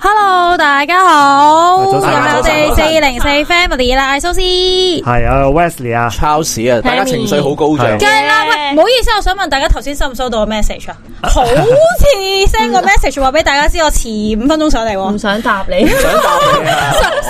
Hello，大家好，又係上我哋四零四 family 啦，蘇 Sir，係啊，Wesley 啊 c h a 啊，大家情緒好高漲，係啦 Hey.、啊，喂，唔好意思，我想問大家頭先收唔收到個 message 啊？好似 send 個 message 話俾大家知我遲五分鐘上嚟，唔想答你，想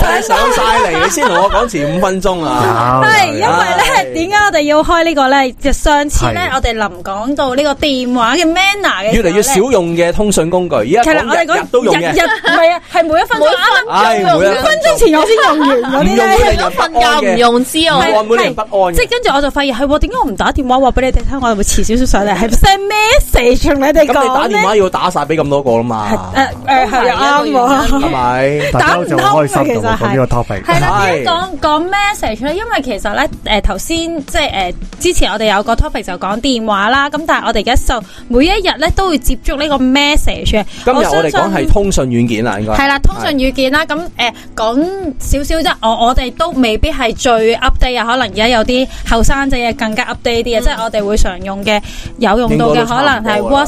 答上想晒你先同我講遲五分鐘啊！係因為咧，點解我哋要開呢個咧？就上次咧，我哋臨講到呢個電話嘅 manner 嘅，越嚟越少用嘅通訊工具，而家日日都用嘅，係每一分每一分鐘前先用完嗰啲咧，唔用每日不安嘅，即係跟住我就發現係點解我唔打電話話俾你哋聽，我會遲少少上嚟？係 send message 你哋咁你打電話要打曬俾咁多個啦嘛？誒誒係啱喎，係咪？大家都仲開心到講呢個 topic 係啦，講講 message 咧，因為其實咧誒頭先即係誒之前我哋有個 topic 就講電話啦，咁但係我哋而家就每一日咧都會接觸呢個 message。咁我哋講係通訊軟件啦，應該係啦，通訊軟件啦。咁誒講少少啫，我我哋都未必係最 update 啊，可能而家有啲後生仔啊更加 update 啲啊，即係我哋會常用嘅有用到嘅，可能係 WhatsApp。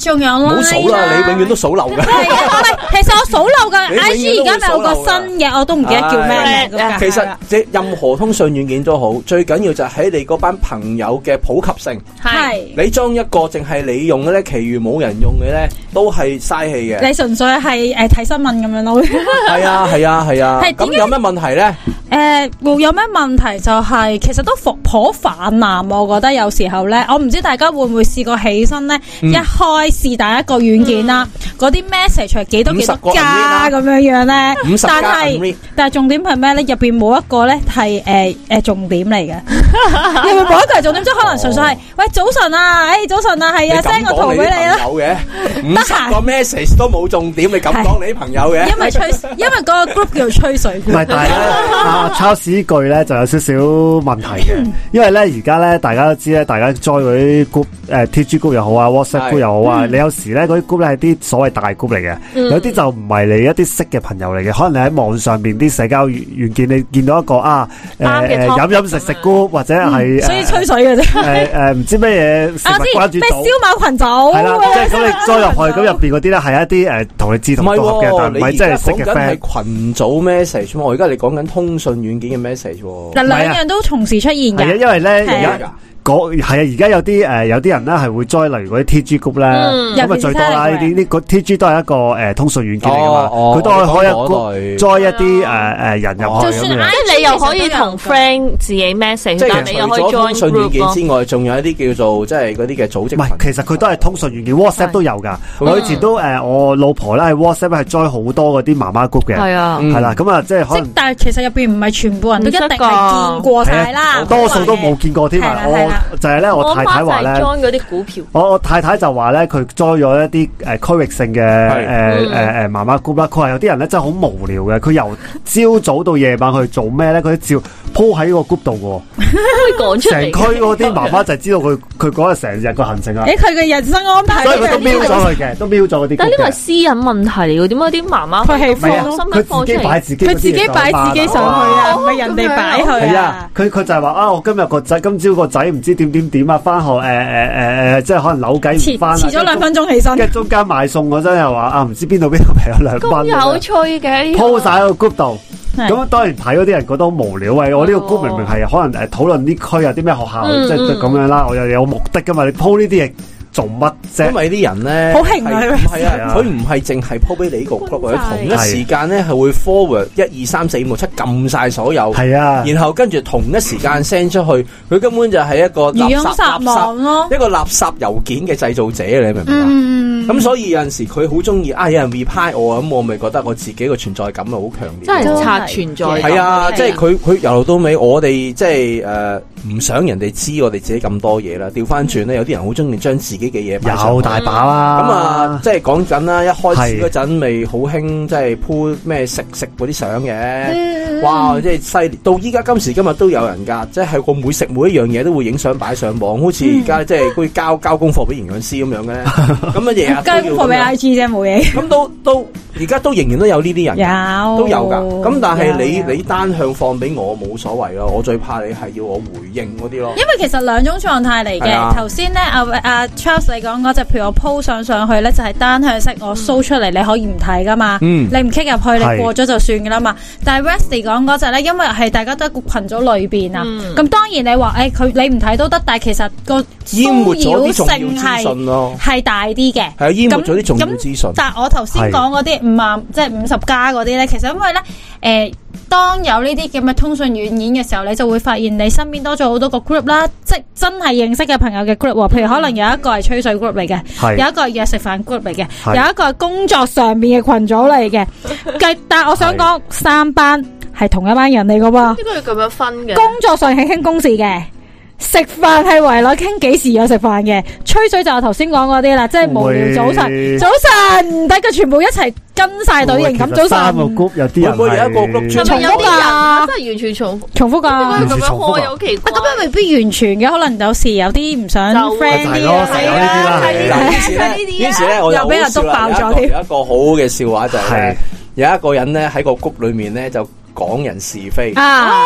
仲有咯，好數啦，你永遠都數漏嘅。唔係，其實我數漏嘅 iG 而家有個新嘅，我都唔記得叫咩名。其實即係任何通訊軟件都好，最緊要就喺你嗰班朋友嘅普及性。係你裝一個淨係你用嘅咧，其餘冇人用嘅咧，都係嘥氣嘅。你純粹係誒睇新聞咁樣咯。係啊，係啊，係啊。咁有咩問題咧？誒，有咩問題就係，其實都頗泛濫。我覺得有時候咧，我唔知大家會唔會試過起身咧一開。是但一個軟件啦，嗰啲 message 係幾多幾多加咁樣樣咧？五十加，但係但係重點係咩咧？入邊冇一個咧係誒誒重點嚟嘅，有冇冇一個係重點？即係可能純粹係喂早晨啊，誒早晨啊，係啊 send 個圖俾你啦。有嘅，得閒個 message 都冇重點，你敢講你啲朋友嘅？因為吹，因為個 group 叫吹水。唔係，但係咧抄屎句咧就有少少問題嘅，因為咧而家咧大家都知咧，大家 join 嗰啲 group，誒 TG group 又好啊，WhatsApp group 又好啊。你有時咧嗰啲 group 咧係啲所謂大 group 嚟嘅，有啲就唔係你一啲識嘅朋友嚟嘅，可能你喺網上邊啲社交軟件你見到一個啊，誒飲飲食食 group 或者係吹吹水嘅啫，誒唔知咩嘢關注到咩燒賣群組即係咁你再入去，咁入邊嗰啲咧係一啲誒同你志同道合嘅，但唔係真係識嘅群組 message，我而家你講緊通訊軟件嘅 message，嗱兩樣都同時出現嘅，因為咧。嗰係啊，而家有啲誒有啲人咧係會 join 例如嗰啲 TG 谷咧，因為最多啦呢啲呢個 TG 都係一個誒通訊軟件嚟噶嘛，佢都可以 join 一啲誒誒人入去咁樣，即係你又可以同 friend 自己 message，但係你又可以 join。通訊軟件之外，仲有一啲叫做即係嗰啲嘅組織。唔係，其實佢都係通訊軟件，WhatsApp 都有噶。我以前都誒，我老婆咧喺 WhatsApp 係 join 好多嗰啲媽媽谷嘅。係啊，係啦，咁啊即係可能。即係但係其實入邊唔係全部人都一定係見過曬啦，多數都冇見過添啊。 就係咧，我太太話咧， 我我太太就話咧，佢栽咗一啲誒區域性嘅誒誒誒媽媽 group 啦，佢、呃、話、呃呃、有啲人咧真係好無聊嘅，佢由朝早到夜晚去做咩咧？佢照鋪喺個 group 度嘅，成區嗰啲媽媽就知道佢佢嗰日成日個行程啊。佢嘅、欸、人生安排都，都瞄咗佢嘅，都瞄咗嗰啲。但呢個係私隱問題嚟嘅，點解啲媽媽佢係放心嘅？佢自己擺自，自，自，自己上去啊，唔係哇、哦、人哋擺佢啊。佢佢就係話啊，我今日個仔，今朝個仔。唔知點點點啊？翻學，誒誒誒誒，即係可能扭計唔翻啦。遲咗兩分鐘起身，跟住中間 買餸，我真係話啊，唔知邊度邊度，朋友兩蚊。有趣嘅，鋪晒喺個 group 度。咁的當然睇嗰啲人覺得好無聊，的喂，我呢個 group 明明係可能誒討論啲區有啲咩學校，即係咁樣啦。我又有目的噶嘛？你鋪呢啲嘢。做乜啫？因為啲人咧，好興啊！唔係啊，佢唔係淨係 po 俾你一個 group，或者同一時間咧係會 forward 一二三四五七撳晒所有，係啊，然後跟住同一時間 send 出去，佢根本就係一個垃圾垃圾咯，一個垃圾郵件嘅製造者，你明唔明？咁所以有陣時佢好中意啊，有人 reply 我，咁我咪覺得我自己個存在感啊好強烈，真係刷存在係啊！即係佢佢由頭到尾，我哋即係誒唔想人哋知我哋自己咁多嘢啦。調翻轉咧，有啲人好中意將自自己嘅嘢有大把啦，咁啊，即係講緊啦，一開始嗰陣未好興，即係鋪咩食食嗰啲相嘅，哇，即係犀，到依家今時今日都有人噶，即係我每食每一樣嘢都會影相擺上網，好似而家即係好交交功課俾營養師咁樣嘅咧，咁啊，嘢啊？交功課俾 I G 啫，冇嘢。咁都都，而家都仍然都有呢啲人，有都有噶。咁但係你你單向放俾我冇所謂咯，我最怕你係要我回應嗰啲咯。因為其實兩種狀態嚟嘅，頭先咧阿阿。你講嗰隻，譬如我 post 上上去咧，就係、是、單向式，我搜出嚟你可以唔睇噶嘛，嗯、你唔 click 入去，你過咗就算噶啦嘛。的但係 Wesley 講嗰隻咧，因為係大家都群組裏邊啊，咁、嗯、當然你話誒佢你唔睇都得，但係其實個淹沒咗啲重要資訊咯，係大啲嘅。係啊，淹沒咗啲重要資訊。但係我頭先講嗰啲五萬，即係五十加嗰啲咧，其實因為咧誒。呃當有呢啲咁嘅通訊軟件嘅時候，你就會發現你身邊多咗好多個 group 啦，即真係認識嘅朋友嘅 group，譬如可能有一個係吹水 group 嚟嘅，是有一個係食飯 group 嚟嘅，是有一個係工作上面嘅群組嚟嘅。但係我想講是三班係同一班人嚟嘅噃，呢個要咁樣分嘅。工作上係傾公事嘅。食飯係為咗傾幾時有食飯嘅，吹水就我頭先講嗰啲啦，即係無聊。早晨，早晨，等佢全部一齊跟晒隊形，噉早晨。三個 group 有啲人係重複啊，真係完全重重複噶。咁樣開有奇怪，咁又未必完全嘅，可能有時有啲唔想 friend 啲啊。係啊，係呢啲啊，又俾人督爆咗添。有一個好嘅笑話就係，有一個人咧喺個谷裏面咧就，講人是非啊，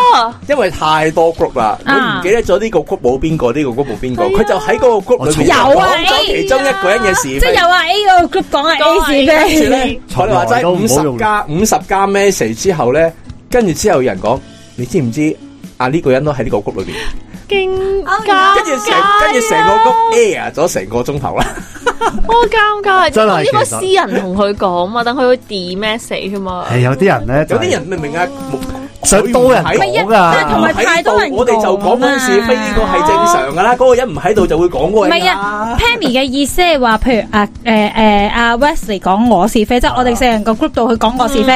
因為太多 group 啦，佢唔、啊、記得咗呢個 group 冇邊個，呢、這個 group 冇邊個，佢、啊、就喺嗰個 group 裏邊講、啊。其中一個人嘅事，即係又話啊 A 嗰個 group 講係 A 是非。跟住咧，彩話齋五十加五十加 message 之後咧，跟住之後有人講，你知唔知啊？呢、這個人都喺呢個 group 裏邊。勁，跟住成跟住成個 group air 咗成個鐘頭啦，好尷尬，真係呢個私人同佢講嘛，等佢會點 message 嘛？係有啲人咧，有啲人明唔明啊？想多人講噶，但係太多人，我哋就講是非，呢個係正常噶啦。嗰個人唔喺度就會講嗰樣。唔係啊，Pammy 嘅意思係話，譬如啊，誒誒，阿 Wesley 講我是非，即係我哋成個 group 度去講我是非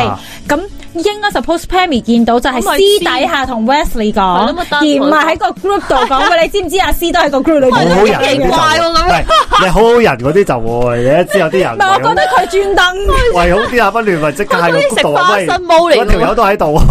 咁。應該 suppose Pam 見到就係私底下同 Wesley 講，而唔係喺個 group 度講嘅。你知唔知阿 C 都喺個 group 度講？奇怪喎，你好好人嗰啲就你一知有啲人。我覺得佢專登。喂，好啲阿不亂咪即刻喺個 group 度，友都喺度。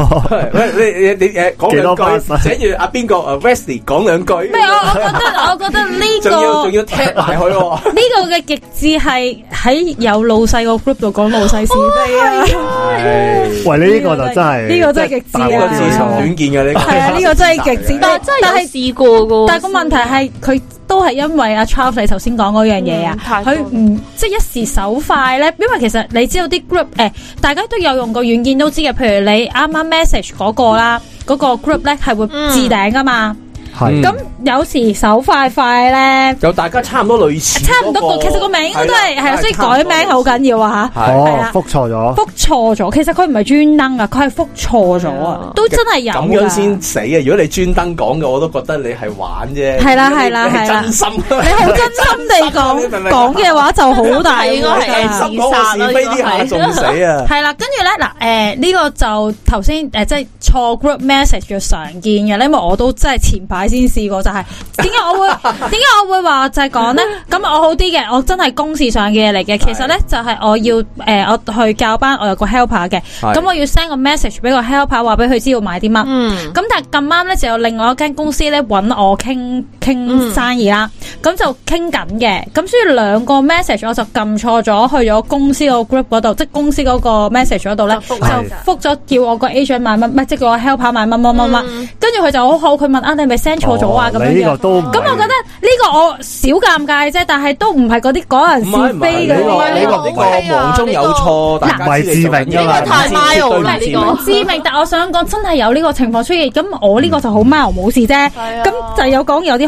你你你誒講兩句，請住阿邊個 Wesley 講兩句。咩？我覺得我覺得呢個仲要踢埋佢。呢個嘅極致係喺有老細個 group 度講老細是非，喂，你。呢個就真係，呢個真係極致呢，我最憎短見嘅呢啲係啊！呢個真係極致，對對對，但係但係是試過嘅。但係個問題係佢都係因為阿 Charles 你，頭先講嗰樣嘢啊，佢唔、嗯、即係一時手快咧。因為其實你知道啲 group 誒、欸，大家都有用過軟件都知嘅。譬如你啱啱 message 嗰、那個啦，嗰、那個 group 咧係會置頂噶嘛。嗯咁有時手快快咧，就大家差唔多類似，差唔多個。其實個名都係係，所以改名好緊要啊嚇。係啊，覆錯咗，覆錯咗。其實佢唔係專登啊，佢係覆錯咗啊，都真係有。咁樣先死啊！如果你專登講嘅，我都覺得你係玩啫。係啦係啦係啦，真心你好真心地講講嘅話就好大。係我係二殺呢啲係死啊！係啦，跟住咧嗱誒呢個就頭先誒即係錯 group message 嘅常見嘅，因為我都真係前排，先試過就係點解我會點解我會話就係講咧？咁我好啲嘅，我真係公事上嘅嘢嚟嘅。其實咧就係我要誒我去教班，我有個 helper 嘅。咁我要 send 個 message 俾個 helper，話俾佢知要買啲乜。咁但係咁啱咧就有另外一間公司咧揾我傾傾生意啦。咁就傾緊嘅。咁所以兩個 message 我就撳錯咗去咗公司個 group 嗰度，即係公司嗰個 message 嗰度咧，就覆咗叫我個 agent 買乜，唔係即係叫我 helper 買乜乜乜乜。跟住佢就好好，佢問啊，你係咪 send？錯咗啊！咁樣樣咁，我覺得呢個我少尷尬啫，但係都唔係嗰啲嗰人是非嘅。唔係，唔個啲王中有錯，但唔係致命。呢個太媽油啦！呢個致命，但我想講，真係有呢個情況出現，咁我呢個就好媽油，冇事啫。咁就有講有啲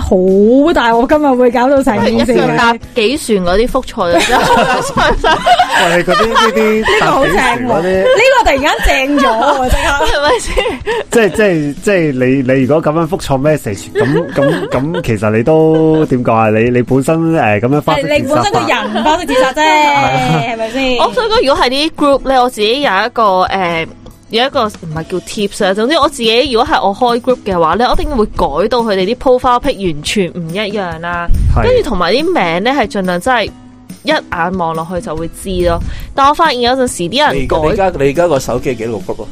好大鑊，我今日會搞到成件事。幾船嗰啲覆錯嘅啲呢啲，呢個好正喎！呢個突然間正咗即刻係咪先？即係即係即係你你如果咁樣覆錯咩？咁咁咁，其實你都點講啊？你你本身誒，咁、呃、樣發，你你本身個人發出自殺啫，係咪先？ 我想講，如果係啲 group 咧，我自己有一個誒、呃，有一個唔係叫 tips 啊。總之，我自己如果係我開 group 嘅話咧，我一定會改到佢哋啲 profile pic 完全唔一樣啦。跟住同埋啲名咧，係盡量真係一眼望落去就會知咯。但我發現有陣時啲人改，你而家你而家個手機幾多 group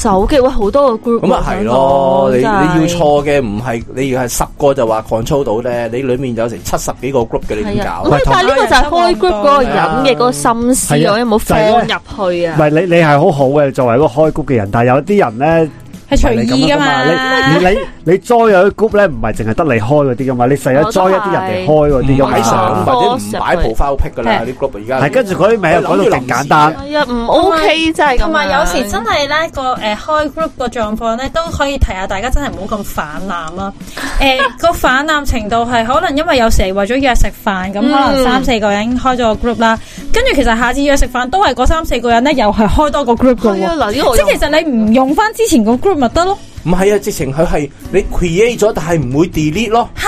手機會，好多個 group 咁啊，係咯，你你要錯嘅唔係，你係十個就話 control 到咧，你裡面有成七十幾個 group 嘅，你點搞？咁但係呢個就係開 group 嗰個人嘅嗰個心思，有冇放入去啊？唔係你你係好好嘅作為一個開 group 嘅人，但係有啲人咧係隨意㗎嘛，你你。你 j 有啲 group 咧，唔係淨係得你開嗰啲噶嘛？你成日 j 一啲人嚟開嗰啲，擺上，或者唔擺蒲花屋皮噶啦？啲 group 而家係跟住佢名又覺得咁簡單？係啊，唔 OK 真係同埋有時真係咧、那個誒、呃、開 group 個狀況咧都可以提下大家，真係唔好咁反濫啊！誒、欸，那個泛濫程度係可能因為有時為咗約食飯咁，可能三四個人已經開咗個 group 啦。跟住其實下次約食飯都係嗰三四個人咧，又係開多個 group 噶即其實你唔用翻之前個 group 咪得咯？唔係啊，直情佢係你 create 咗，但係唔會 delete 咯。係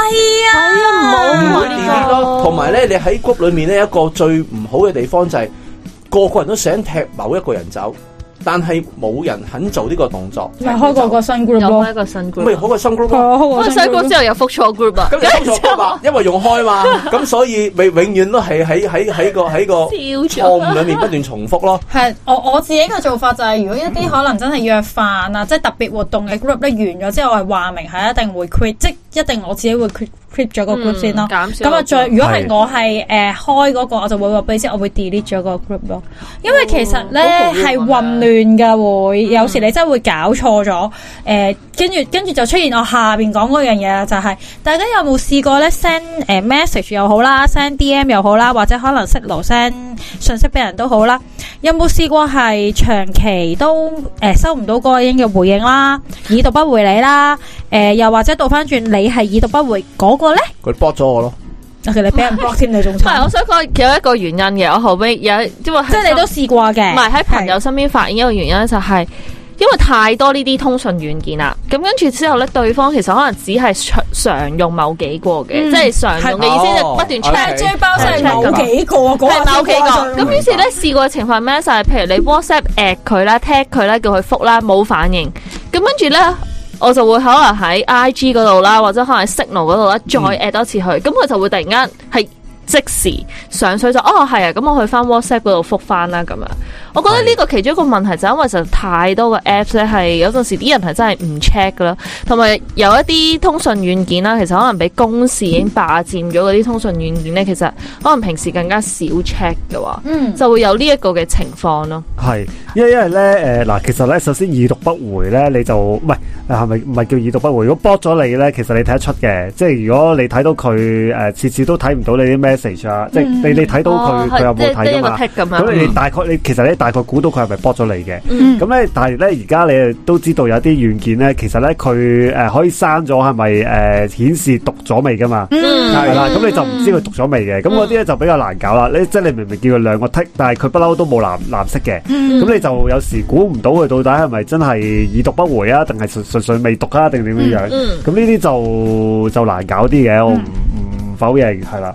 啊，係、哎、啊，唔會 delete 咯。同埋咧，你喺谷裏面咧一個最唔好嘅地方就係、是、個個人都想踢某一個人走。但係冇人肯做呢個動作，開過個新 group 咯，有開個新 group，咪好個新 group 咯，開新 group 之後又復錯 group 啊，咁又復錯，因為用開嘛，咁所以永永遠都係喺喺喺個喺個錯誤裏面不斷重複咯。係，我我自己嘅做法就係，如果一啲可能真係約飯啊，即係特別活動嘅 group 咧完咗之後，我係話明係一定會 quit，即一定我自己會 clip 咗個 group 先咯，咁啊、嗯、再如果係我係誒、呃、開、那個，是我就會話俾你知，我會 delete 咗個 group 咯。哦、因為其實咧係、哦、混亂嘅，會、嗯、有時你真係會搞錯咗。誒跟住跟住就出現我下邊講樣嘢啦，就係、是、大家有冇試過咧 send 誒 message 又好啦，send DM 又好啦，或者可能識流 send 信息俾人都好啦，有冇試過係長期都誒、呃、收唔到個個嘅回應啦，已讀不回你啦，誒、呃、又或者倒翻轉你。你係已讀不回，嗰個咧佢 block 咗我咯。其實俾人 block 先你仲差。唔係，我想講有一個原因嘅。我後尾有即係，即係你都試過嘅。唔係喺朋友身邊發現一個原因，就係因為太多呢啲通訊軟件啦。咁跟住之後咧，對方其實可能只係常用某幾個嘅，即係常用嘅意思，就不斷 check。係包，即係某幾個，係某幾個。咁於是咧，試過嘅情況咩就係？譬如你 WhatsApp at 佢啦，tag 佢啦，叫佢覆啦，冇反應。咁跟住咧。我就會可能喺 I G 嗰度啦，或者可能喺 Signal 嗰度啦，再 at 多次佢，咁佢就會突然間係即時上水就哦係啊，咁我去翻 WhatsApp 嗰度復翻啦咁樣。我覺得呢個其中一個問題就係，因為實在太多個 apps 咧，係有陣時啲人係真係唔 check 噶啦，同埋有一啲通訊軟件啦，其實可能俾公司已經霸佔咗嗰啲通訊軟件咧，其實可能平時更加少 check 嘅，嗯，就會有呢一個嘅情況咯。係，因為因為咧誒嗱，其實咧首先已讀不回咧，你就喂，係咪唔係叫已讀不回？如果 block 咗你咧，其實你睇得出嘅，即係如果你睇到佢誒次次都睇唔到你啲 message 啊，即係你你睇到佢佢有冇睇噶嘛？咁你大概、嗯、你其實你。大概估到佢係咪 b 咗你嘅？咁咧、嗯，但係咧而家你都知道有啲軟件咧，其實咧佢誒可以刪咗，係咪誒顯示讀咗未噶嘛？係啦，咁你就唔知佢讀咗未嘅。咁嗰啲咧就比較難搞啦。你即係你明明叫佢兩個剔，但係佢不嬲都冇藍藍色嘅。咁你就有時估唔到佢到底係咪真係已讀不回啊？定係純粹未讀啊？定點樣樣？咁呢啲就就難搞啲嘅，我唔否認係啦。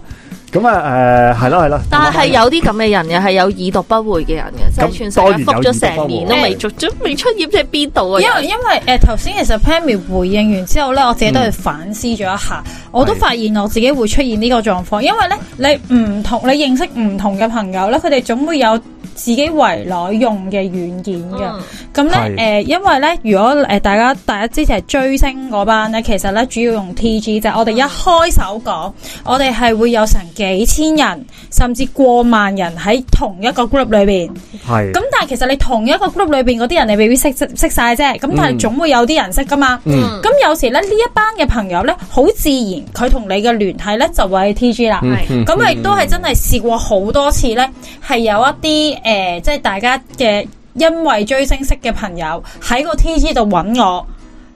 咁啊，誒、嗯，係、嗯、咯，係、嗯、咯。嗯、但係有啲咁嘅人嘅，係有已讀不回嘅人嘅，即係、嗯、全世界覆咗成年都未逐，准未、嗯、出業即係邊度啊？因為因為誒頭先其實 Pammy 回應完之後咧，我自己都係反思咗一下，嗯、我都發現我自己會出現呢個狀況，因為咧你唔同你認識唔同嘅朋友咧，佢哋總會有自己圍內用嘅軟件嘅。咁咧誒因為咧，如果誒大家大家之前係追星嗰班咧，其實咧主要用 TG 就係我哋一開首講，嗯、我哋係會有成嘅。幾千人甚至過萬人喺同一個 group 裏邊，係咁是、嗯嗯、但係其實你同一個 group 裏邊嗰啲人你未必識識識晒啫，咁、嗯、但係總會有啲人識噶嘛，咁、嗯嗯、有時咧呢一班嘅朋友咧好自然佢同你嘅聯繫咧就會喺 T G 啦，咁亦是、嗯、都係真係試過好多次咧，係有一啲誒、呃、即係大家嘅因為追星識嘅朋友喺個 T G 度揾我，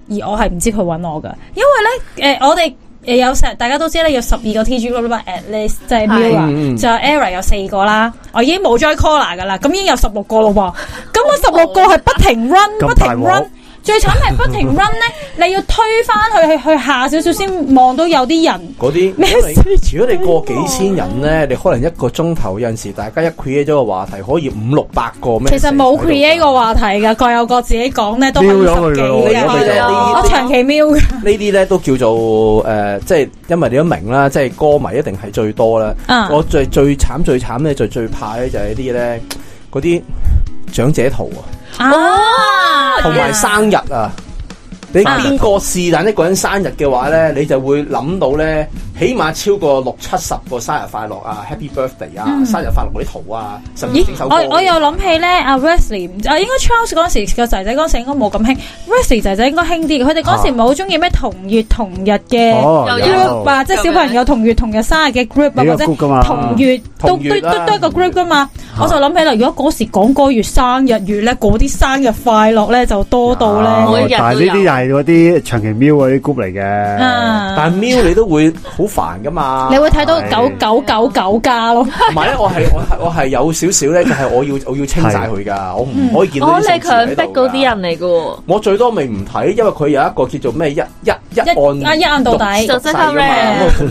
而我係唔知佢揾我噶，因為咧誒、呃、我哋。又有十，大家都知咧，有十二個 T G 咯的，咁啊，at least 就係 Mirror，就 Error 有四、e、個啦，我已經冇 j o Cola 噶啦，咁已經有十六個咯噃，咁我十六個係不停 run，不停 run。最慘係不停 run 咧，你要推返去去去下少少先望到有啲人。嗰啲咩？麼如果你過幾千人咧，麼你可能一個鐘頭有陣時，大家一 create 咗個話題可以五六百個咩？其實冇 create 個話題噶，各有各自己講咧，都肯我，我長期瞄。呢啲咧都叫做誒、呃，即係因為你都明啦，即係歌迷一定係最多啦。嗯、我最最慘最慘咧，最慘最，慘最，最，最怕咧就係啲咧嗰啲長者圖啊。哦，同埋、oh, yeah. 生日啊！你邊個是但一個人生日嘅話咧，你就會諗到咧，起碼超過六七十個生日快樂啊，Happy Birthday 啊，生日快樂嗰啲圖啊，咦？我我又諗起咧，阿 Wesley，應該 Charles 嗰時個仔仔嗰時應該冇咁興，Wesley 仔仔應該興啲，佢哋嗰時唔係好中意咩同月同日嘅 group 吧？即係小朋友同月同日生日嘅 group 啊，或者同月都都都一個 group 噶嘛？我就諗起啦，如果嗰時講嗰月生日月咧，嗰啲生日快樂咧就多到咧，但係呢啲係嗰啲長期喵嗰啲 group 嚟嘅，但係喵你都會好煩噶嘛。 你會睇到九九九九加咯。唔係咧，我係我係我係有少少咧，就係我要我要清晒佢噶，是我唔可以見到。你係強逼嗰啲人嚟噶。我最多咪唔睇，因為佢有一個叫做咩一一一按啊一按到底，就 settle 咧，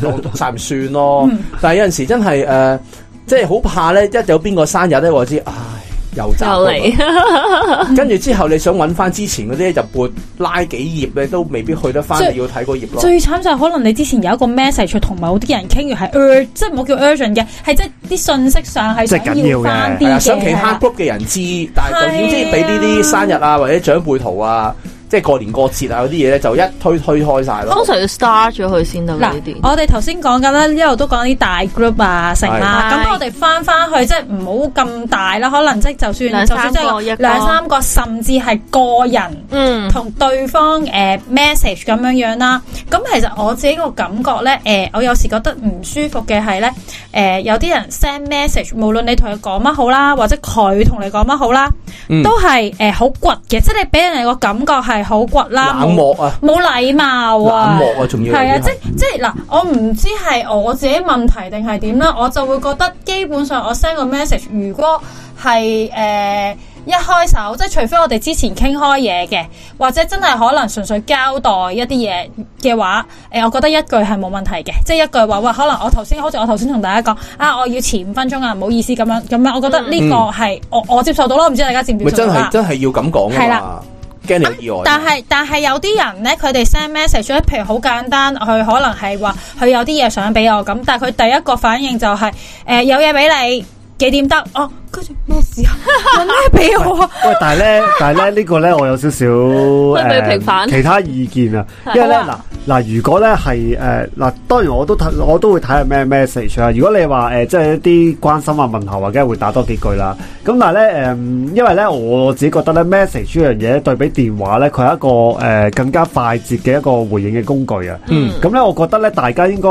就 算咯。 但係有陣時真係誒、呃，即係好怕咧，一有邊個生日咧，我知啊。又嚟， 跟住之後你想揾翻之前嗰啲就撥拉幾頁咧，你都未必去得翻。以要睇嗰頁咯。最慘就係可能你之前有一個 message 出同某啲人傾，完，係 u 即係唔好叫 urgent 嘅，係即係啲信息上係緊要翻啲嘅，想其他 group 嘅人知，但係點知俾呢啲生日啊或者長輩圖啊？即係過年過節啊嗰啲嘢咧，就一推推開晒咯。通常要 start 咗佢先得嗱。我哋頭先講緊啦，一路都講啲大 group 啊、成啦的。咁我哋翻翻去即係唔好咁大啦，可能即係就算兩三個一兩三個，個甚至係個人嗯同對方誒、呃、message 咁樣樣啦。咁其實我自己個感覺咧，誒、呃、我有時覺得唔舒服嘅係咧，誒、呃、有啲人 send message，無論你同佢講乜好啦，或者佢同你講乜好啦，嗯、都係誒好倔嘅，即係你俾人哋個感覺係。好倔啦，冷漠啊，冇禮貌啊，冷漠啊，仲要係啊，即即嗱，我唔知係我自己問題定係點啦，我就會覺得基本上我 send 個 message，如果係誒、呃、一開手，即係除非我哋之前傾開嘢嘅，或者真係可能純粹交代一啲嘢嘅話，誒，我覺得一句係冇問題嘅，即係一句話，喂、呃，可能我頭先好似我頭先同大家講啊，我要遲五分鐘啊，唔好意思、啊，咁樣咁樣，我覺得呢個係、嗯、我我接受到咯，唔知大家接唔接受到啦？嗯、真係要咁講嘅係啦。吧你嗯，但係但係有啲人咧，佢哋 send message，譬如好簡單，佢可能係話佢有啲嘢想俾我咁，但係佢第一個反應就係、是、誒、呃、有嘢俾你。幾點得？哦，跟住咩事？候？咩俾我？喂，但係咧， 但係咧，這個、呢個咧，我有少少平反。其他意見是啊。因為咧，嗱、呃、嗱，如果咧係誒嗱，當然我都睇，我都會睇下咩咩 message 啊。如果你話誒，即、呃、係、就是、一啲關心啊、問候或者係會打多幾句啦。咁但係咧，誒、呃，因為咧，我自己覺得咧，message 呢樣嘢對比電話咧，佢係一個誒、呃、更加快捷嘅一,一個回應嘅工具啊。嗯。咁咧、嗯，我覺得咧，大家應該。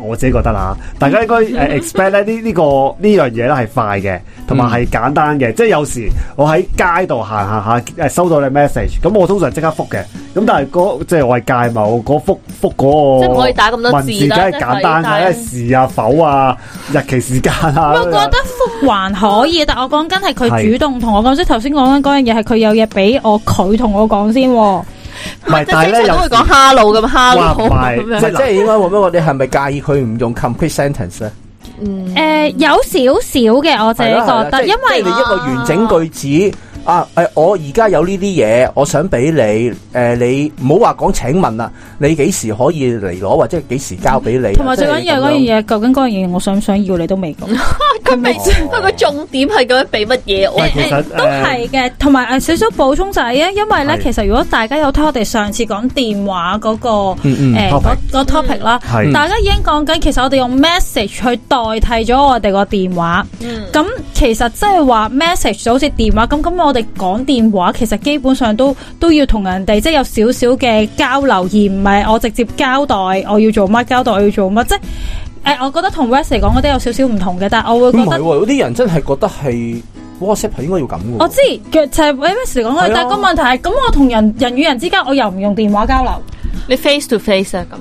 我自己覺得啦，大家應該 expect 咧、這、呢呢個呢樣嘢咧係快嘅，同埋係簡單嘅。嗯、即係有時我喺街度行行下嚇，收到你 message，咁我通常即刻覆嘅。咁但係嗰即係外界冇嗰覆覆嗰個，即係唔可以打咁多字，梗係簡單啦，是時啊否啊、時間啊、保啊、日期、時間啊。我覺得覆還可以，但我講緊係佢主動同我講，是即係頭先講緊嗰樣嘢係佢有嘢俾我，佢同我講先、啊。唔係，但係咧都會講 hello 咁，hello 好，咁樣，即係即係應該問我哋係咪介意佢唔用 complete sentence 咧？嗯，誒、呃，有少少嘅。我自己覺得、嗯，因為你一個完整句子。啊！誒，我而家有呢啲嘢，我想俾你。誒，你唔好話講，請問啦，你幾時可以嚟攞，或者幾時交俾你？同埋最緊要係嗰樣嘢，究竟樣嘢，我想唔想要你都未講。佢未，佢個重點係究竟俾乜嘢？都係嘅。同埋誒少少補充就係啊，因為咧，其實如果大家有睇我哋上次講電話個誒個 topic 啦，大家已經講緊其實我哋用 message 去代替咗我哋個電話。咁其實即係話 message 就好似電話咁，咁我。我哋講電話，其實基本上都都要同人哋即係有少少嘅交流，而唔係我直接交代我要做乜，交代我要做乜。即係誒、呃，我覺得小小同 Wesley 嚟講，啲有少少唔同嘅。但係我會覺得，唔係、嗯哦、有啲人真係覺得係 WhatsApp 係應該要咁嘅。我知就係 Wesley 講啊，但係個問題係咁，我同人人與人之間，我又唔用電話交流，你 face to face 啊咁。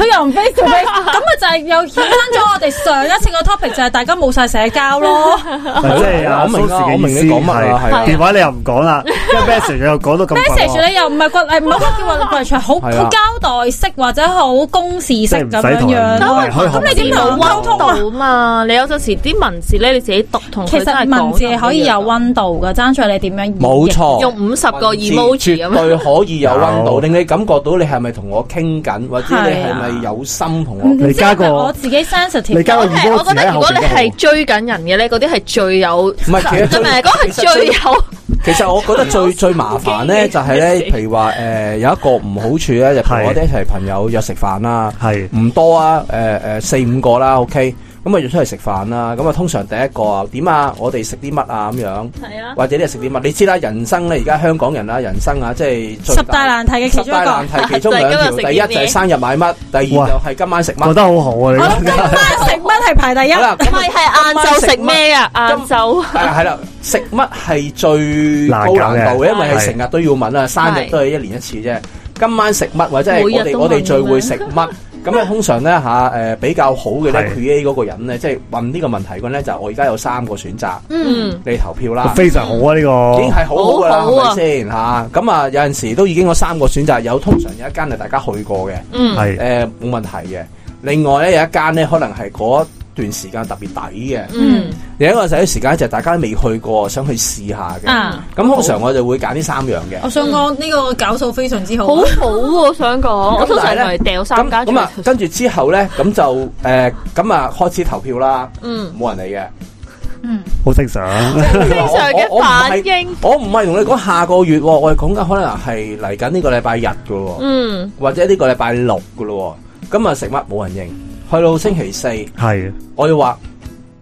佢又唔俾咁啊！就係又衍生咗我哋上一次個 topic，就係大家冇晒社交咯。即係講明自己意思，講埋啦，電話你又唔講啦，message 又講到咁快，message 你又唔係骨，唔好叫話內在，好好交代式或者好公事式咁樣樣。咁你點同佢溝通啊？嘛，你有陣時啲文字咧，你自己讀同佢真係講。其實文字可以有溫度噶，爭在你點樣用五十個 emoji，絕對可以有溫度，令你感覺到你係咪同我傾緊，或者你係咪？有心同我你加我自己，嚟加。如果係，我覺得如果你係追緊人嘅咧，嗰啲係最有唔係，其實真係嗰個係最有。其實我覺得最最麻煩咧，就係咧，譬如話誒有一個唔好處咧，就同我哋一齊朋友約食飯啦，係唔多啊，誒誒四五個啦，OK。咁啊，約出嚟食飯啦！咁啊，通常第一個啊，點啊，我哋食啲乜啊咁樣，或者你食啲乜？你知啦，人生咧，而家香港人啦，人生啊，即係十大難題嘅其中一個，其中兩條，第一就係生日買乜，第二就係今晚食乜。我覺得好好啊，你今晚食乜係排第一，唔係係晏晝食咩啊？晏晝係啦，食乜係最高難度嘅，因為係成日都要問啊，生日都係一年一次啫。今晚食乜或者係我哋我哋聚會食乜？咁咧通常咧吓，誒、啊呃、比較好嘅咧，QA 嗰個人咧，即、就、係、是、問呢個問題嘅咧，就是、我而家有三個選擇，嗯，你投票啦，非常好啊呢、這個，已經係好，好好噶、啊、啦，係咪先吓？咁啊有陣時都已經有三個選擇，有通常有一間係大家去過嘅，嗯，係是，誒冇、呃、問題嘅，另外咧有一間咧可能係嗰。段時間特別抵嘅，嗯，另一個就係時間就係大家未去過，想去試下嘅。咁通常我就會揀呢三樣嘅。我想講呢個搞數非常之好，好好。我想講，咁但係咧掉三家，咁啊，跟住之後咧，咁就誒，咁啊開始投票啦。冇人嚟嘅，嗯，好正常，正常嘅反應。我唔係同你講下個月，我哋講緊可能係嚟緊呢個禮拜日噶咯，嗯，或者呢個禮拜六噶咯，咁啊食乜冇人應。去到星期四。係的、呃，我要話，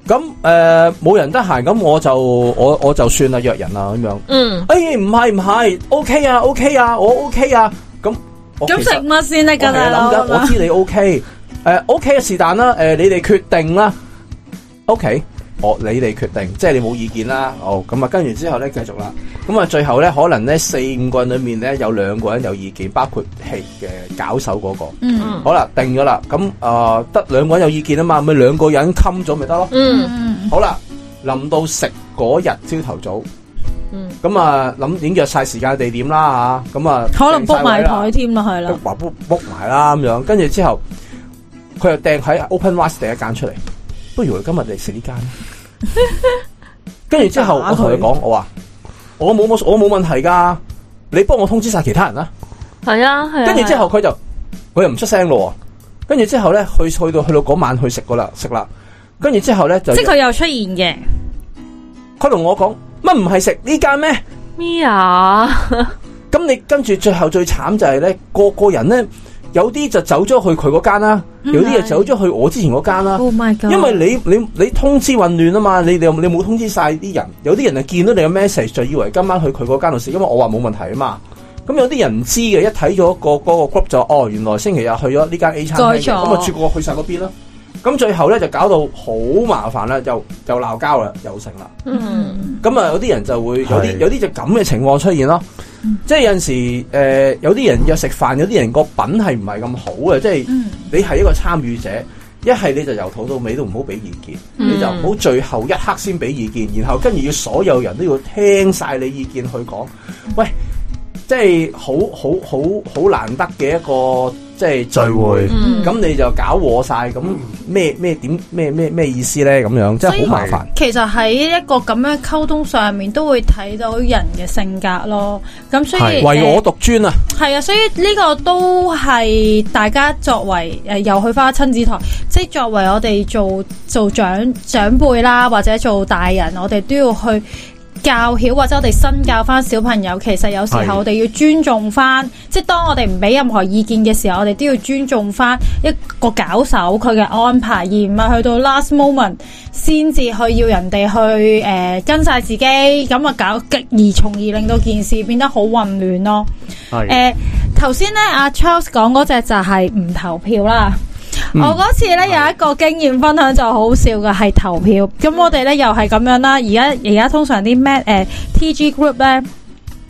咁誒冇人得閒，咁我就我我就算啦，約人啦咁樣。嗯，哎，唔係唔係，OK 啊 OK 啊，OK 啊，我 OK 啊。咁，咁食乜先得噶？呢我諗緊，我知你 OK、 呃。誒，OK 是但啦，誒、呃，你哋決定啦。OK。我你哋決定，即係你冇意見啦。哦，咁啊，跟完之後咧，繼續啦。咁啊，最後咧，可能咧四五個人裏面咧，有兩個人有意見，包括係嘅搞手嗰、嗰個。嗯嗯。好啦，定咗啦。咁、嗯、啊，得兩個人有意見啊嘛，咪兩個人冚咗咪得咯。嗯嗯。好啦，臨到食嗰日朝頭早。嗯嗯。嗯。咁啊，諗已約晒時間地點啦吓。咁啊。可能 book 埋台添啦，係啦。book 埋 book 埋啦，咁樣，跟住之後，佢又訂喺 Open Rice 第一間出嚟。不如今日嚟食呢間，跟住 之後我同佢講，我話我冇冇我冇問題噶，你幫我通知晒其他人啦。係啊，係。跟住之後佢就佢又唔出聲咯。跟住之後咧，去去到去到嗰晚去食噶啦，食啦。跟住之後咧就即係佢又出現嘅。佢同我講乜唔係食呢間咩？咩啊？咁 你跟住最後最慘就係咧個個人咧。有啲就走咗去佢嗰間啦，有啲就走咗去我之前嗰間啦。因為你你你通知混亂啊嘛，你你你冇通知晒啲人，有啲人就見到你嘅 message 就以為今晚去佢嗰間度食，因為我話冇問題啊嘛。咁有啲人唔知嘅，一睇咗個個 group 就哦，原來星期日去咗呢間 A 餐，咁啊錯，轉過去晒嗰邊啦。咁最後咧就搞到好麻煩啦，就就鬧交啦，又成啦。咁啊、嗯，有啲人就會有啲是有啲就咁嘅情況出現咯。即係有陣時，誒、呃，有啲人要食飯，有啲人個品係唔係咁好嘅，即係你係一個參與者，一係你就由頭到尾都唔好俾意見，嗯、你就唔好最後一刻先俾意見，然後跟住要所有人都要聽晒你意見去講，喂。即係好好好好難得嘅一個即係聚會，咁、嗯、你就搞我晒，咁咩咩點咩咩咩意思咧？咁樣即係好麻煩。其實喺一個咁樣溝通上面，都會睇到人嘅性格咯。咁所以的你唯我獨尊啊，係啊，所以呢個都係大家作為誒，又去返親子台，即係作為我哋做做長長輩啦，或者做大人，我哋都要去。教曉或者我哋新教翻小朋友，其實有時候我哋要尊重翻，的即係當我哋唔俾任何意見嘅時候，我哋都要尊重翻一個搞手佢嘅安排，而唔係去到 last moment 先至去要人哋去誒、呃、跟晒自己咁啊搞極而從而令到件事變得好混亂咯。係頭先咧，阿、呃、Charles 講嗰隻就係唔投票啦。嗯、我嗰次咧有一個經驗分享，就好笑嘅，係投票，咁我哋咧又係咁樣啦。而家而家通常啲咩誒 T G group 咧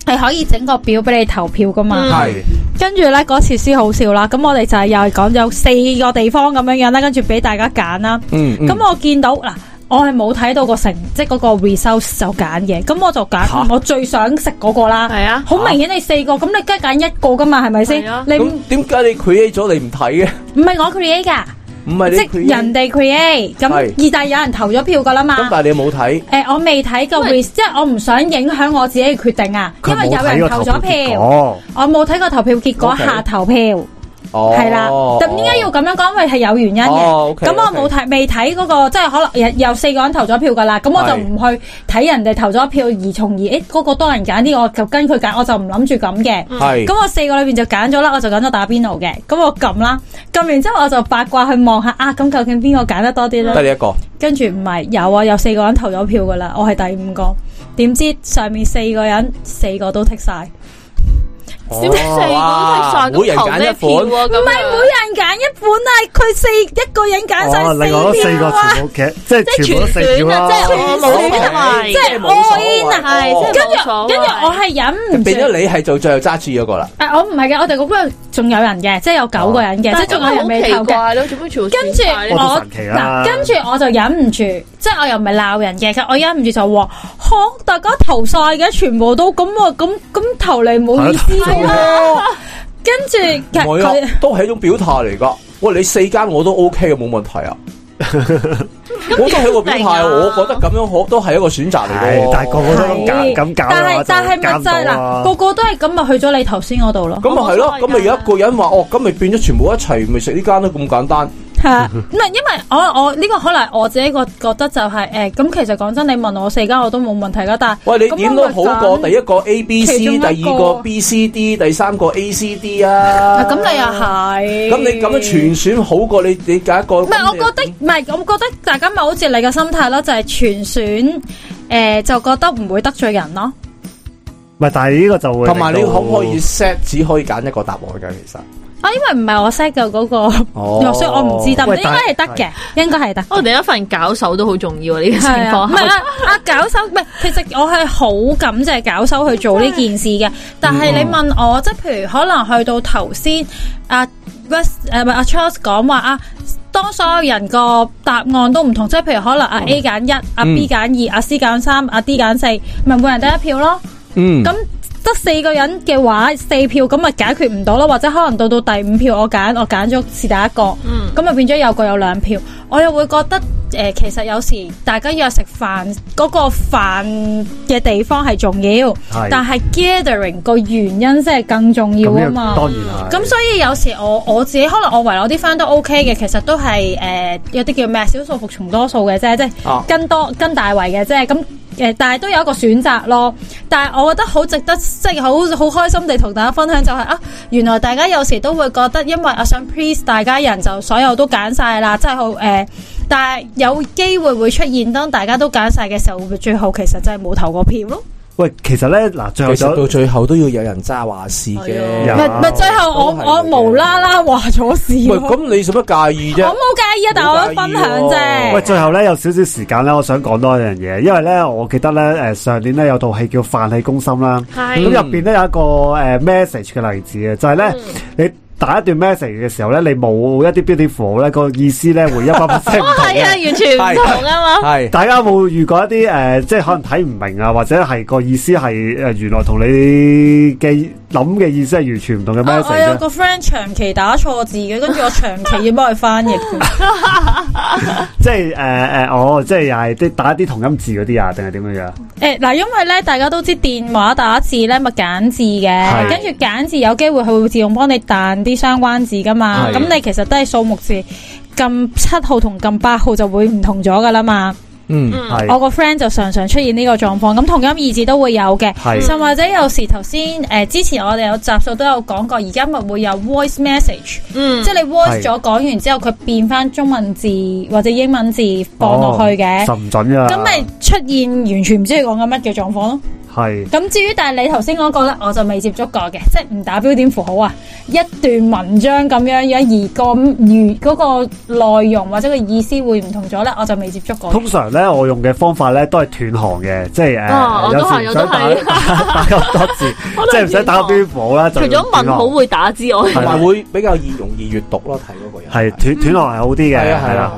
係可以整個表俾你投票噶嘛？係、嗯。跟住咧嗰次先好笑啦，咁我哋就係又係講咗四個地方咁樣樣啦，跟住俾大家揀啦。嗯，咁我見到嗱。我係冇睇到個成績，即嗰個 result 就揀嘅，咁我就揀我最想食嗰個啦。係啊，好明顯你四個，咁你梗係揀一個噶嘛，係咪先？你點解你 create 咗你唔睇嘅？唔係我 create 噶，唔係即人哋 create 咁，二大有人投咗票噶啦嘛。咁但係你冇睇？誒，我未睇過 result，即係我唔想影響我自己嘅決定啊。因為有人投咗票，我冇睇過投票結果，下投票。哦係啦，咁點解要咁樣講？因為係有原因嘅。咁、哦 okay，我冇睇，未睇嗰個，即係可能有四個人投咗票噶啦。咁我就唔去睇人哋投咗票是而從而，誒，嗰、那個多人揀啲、這個，我就跟佢揀，我就唔諗住咁嘅。係、嗯。咁、嗯、我四個裏邊就揀咗啦，我就揀咗打邊爐嘅。咁我撳啦，撳完之後我就八卦去望下，啊，咁究竟邊個揀得多啲呢？得你一個。跟住唔係，有啊，有四個人投咗票噶啦，我係第五個。點知上面四個人四個都剔晒。哇！每人揀一款，唔係每人揀一本啊！佢四一個人揀晒四片喎，即係全選啊！即係全選，即係愛，即係跟住跟住我係忍唔住。變咗你係做最後揸住嗰個啦。誒，我唔係嘅，我哋嗰邊仲有人嘅，即係有九個人嘅，即係仲有人未投嘅咯。全部跟住我，跟住我就忍唔住，即係我又唔係鬧人嘅，其實我忍唔住就話：，嗬，大家投晒嘅，全部都咁啊，咁咁投嚟冇意思。啊啊、跟住、啊、都係一種表態嚟噶。喂，你四間我都 O K 嘅，冇問題啊。 我都係個表態，啊、我覺得咁樣好都係一個選擇嚟嘅。但係個個都咁，是搞啊、但係是、啊、但係就嗱，個個都係咁咪去咗你頭先嗰度咯。咁咪係咯，咁咪有，有一個人話哦，咁咪變咗全部一齊咪食呢間都咁簡單。係，唔係，因為我我呢、這個可能我自己個覺得就係、是、誒，咁、呃、其實講真，你問我四間我都冇問題啦。但係喂，你應該好過第一個 A B C，第二個 B C D，第三個 A C D 啊？咁、啊、你又係？咁、啊、你咁樣全選好過你你揀一個？唔係不，你我覺得唔係、嗯，我覺得大家咪好似你嘅心態咯，就係、是、全選誒、呃，就覺得唔會得罪人咯。唔係，但係呢個就會同埋你可唔可以 set 只可以揀一個答案㗎？其實。啊，因為唔係我 set 嘅嗰個，所以我唔知得，應該係得嘅，應該係得。我哋一份搞手都好重要啊，呢個情況。唔係啊，啊搞手，唔係，其實我係好感謝搞手去做呢件事嘅。但係你問我，即係譬如可能去到頭先，阿 Wes 誒阿 Charles 講話啊，當所有人個答案都唔同，即係譬如可能阿 A 揀一，阿 B 揀二，阿 C 揀三，阿 D 揀四，咪每人得一票咯。嗯，咁。得四個人嘅話，四票咁啊，解決唔到囉，或者可能到到第五票我選，我揀我揀咗是第一個，咁啊、嗯、變咗有個有兩票，我又會覺得。誒、呃，其實有時大家約食飯嗰個飯嘅地方係重要，是但係 gathering 個原因先係更重要啊嘛。當然啦，咁、嗯、所以有時我我自己可能我圍我啲 friend 都 O K 嘅，其實都係誒、呃、有啲叫咩少數服從多數嘅啫，即係跟多、啊、跟大圍嘅啫。咁誒，但係、呃、都有一個選擇咯。但係我覺得好值得，即係好好開心地同大家分享就係、是、啊，原來大家有時都會覺得，因為我想 please 大家人就所有都揀晒啦，即係好誒。呃但係有機會會出現，當大家都揀晒嘅時候，最後其實真係冇投過票咯。喂，其實咧嗱，最後到最後都要有人揸話事嘅。唔係最後我我，我無啦啦話咗事。咁你使乜介意啫？我冇介，介意啊，但我分享啫。喂，最後咧有少少時間咧，我想講多一樣嘢，因為咧我記得咧，誒上年咧有套戲叫《飯戲攻心》啦，咁入邊咧有一個誒 message 嘅例子嘅，就係咧你。嗯 打一段 message 嘅時候咧，你冇一啲 beautiful 咧、個意思咧，回一百八千唔係啊，完全唔同啊嘛。係 大家有冇遇過一啲誒、呃，即係可能睇唔明啊，或者係個意思係誒、呃，原來同你嘅。諗嘅意思係完全唔同嘅咩、啊？我有個 friend 長期打錯字嘅，跟住 我長期要幫佢翻譯。 即係誒誒，哦，即係又係啲打啲同音字嗰啲啊，定係點樣樣？誒，嗱，因為咧，大家都知電話打字咧咪、就是、簡字嘅，是跟住簡字有機會佢會自動幫你彈啲相關字噶嘛。咁是你其實都係數目字，撳七號同撳八號就會唔同咗噶啦嘛。嗯，係我個 friend 就常常出現呢個狀況，咁同音異字都會有嘅，是甚或者有時頭先誒之前我哋有集數都有講過，而家咪唔會有 voice message？嗯，即係你 voice 咗講是完之後，佢變翻中文字或者英文字放落去嘅，哦、唔準噶、啊，咁咪出現完全唔知佢講緊乜嘅狀況咯。咁至於，但係你頭先嗰個咧，我就未接觸過嘅，即係唔打標點符號啊，一段文章咁樣樣而個語嗰個內容或者個意思會唔同咗咧，我就未接觸過。通常咧，我用嘅方法咧都係斷行嘅，即係誒，有時想打打個多字，即係唔使打標點符號啦。除咗問號會打之外，係會比較易容易閱讀咯，睇嗰個人係斷行落係好啲嘅，係啦，係啦。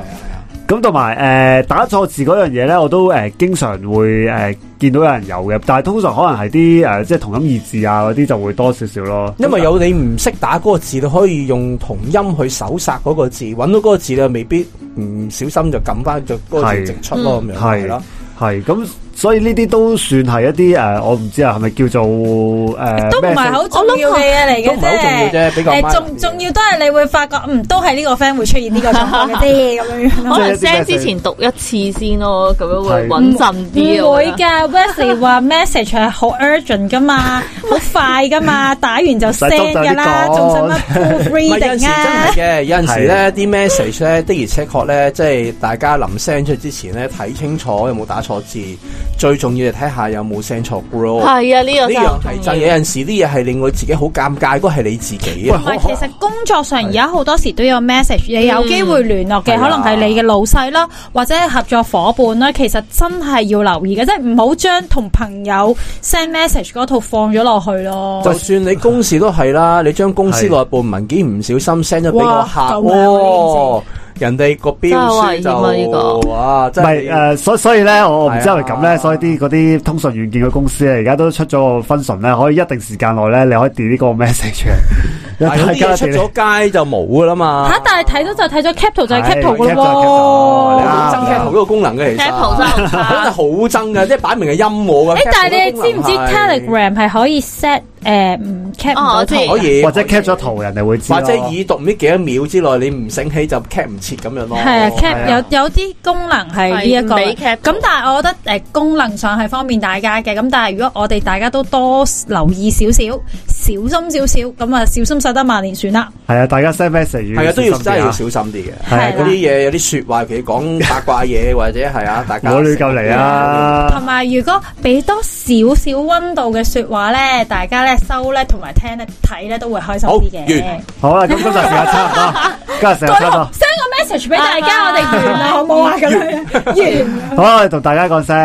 咁同埋誒打錯字嗰樣嘢咧，我都誒、呃、經常會誒、呃、見到有人有嘅，但係通常可能係啲誒即係同音異字啊，嗰啲就會多少少咯。因為有你唔識打嗰個字，你可以用同音去搜殺嗰個字，揾到嗰個字你，未必唔小心就撳翻就嗰個字直出咯咁是樣係咯，係咁是。是吧 所以呢啲都算係一啲誒，我唔知啊，係咪叫做誒？都唔係好重要嘅嚟嘅啫。誒，重重要都係你會發覺，嗯，都係呢個 friend 會出現呢個狀況咁樣，可能 send 之前讀一次先咯，咁樣會穩陣啲啊。唔會㗎 Wesley 話 message 係好 urgent 噶嘛，好快噶嘛，打完就 send 㗎啦，仲使乜 proofread 定啊？有陣時真係嘅，有陣時咧啲 message 咧的而且確咧，即係大家臨 send 出去之前咧睇清楚有冇打錯字。最重要就睇下有冇 send 錯嘅咯，係啊，呢樣係真。有陣時呢嘢係令我自己好尷尬，嗰係你自己。唔其實工作上而家好多時都有 message，、嗯、你有機會聯絡嘅可能係你嘅老細啦，的或者合作伙伴啦，其實真係要留意嘅，即係唔好將同朋友 send message 嗰套放咗落去咯。就算你公事都係啦，的你將公司內部文件唔小心 send 咗俾個客。哇哦人哋，這個標書就哇，唔係誒，所所以咧，我唔知係咪咁咧，所以啲嗰啲通訊軟件嘅公司咧，而家都出咗個 function 咧，可以一定時間內咧，你可以 delete 個 message 出嚟。 係，出咗街就冇噶啦嘛。嚇！但係睇咗就睇咗，cap 圖就係 cap 圖咯喎。真 cap 圖呢個功能嘅，其實 cap 圖真係好憎嘅，即係擺明係陰我嘅。哎，但係你知唔知 Telegram 係可以 set 誒唔 cap 圖，可以或者 cap 咗圖，人哋會知，或者以讀唔知幾多秒之內，你唔醒起就 cap 唔切咁樣咯。係啊，cap 有有啲功能係呢一個冇 cap。咁但係我覺得誒功能上係方便大家嘅。咁但係如果我哋大家都多留意少少，小心少少，咁啊小心上。覺得萬年算啦，係啊，大家 send message，係啊，都要真係要小心啲嘅，係嗰啲嘢有啲說話，譬如講八卦嘢，或者係啊，大家我嚟夠嚟啊，同埋如果俾多少少温度嘅說話咧，大家咧收咧，同埋聽咧睇咧，都會開心啲嘅。好，完，好啊，咁今日就收啦，今日就收 send 個 message 俾大家，我哋完啦，好唔好啊？完，好，同大家講聲，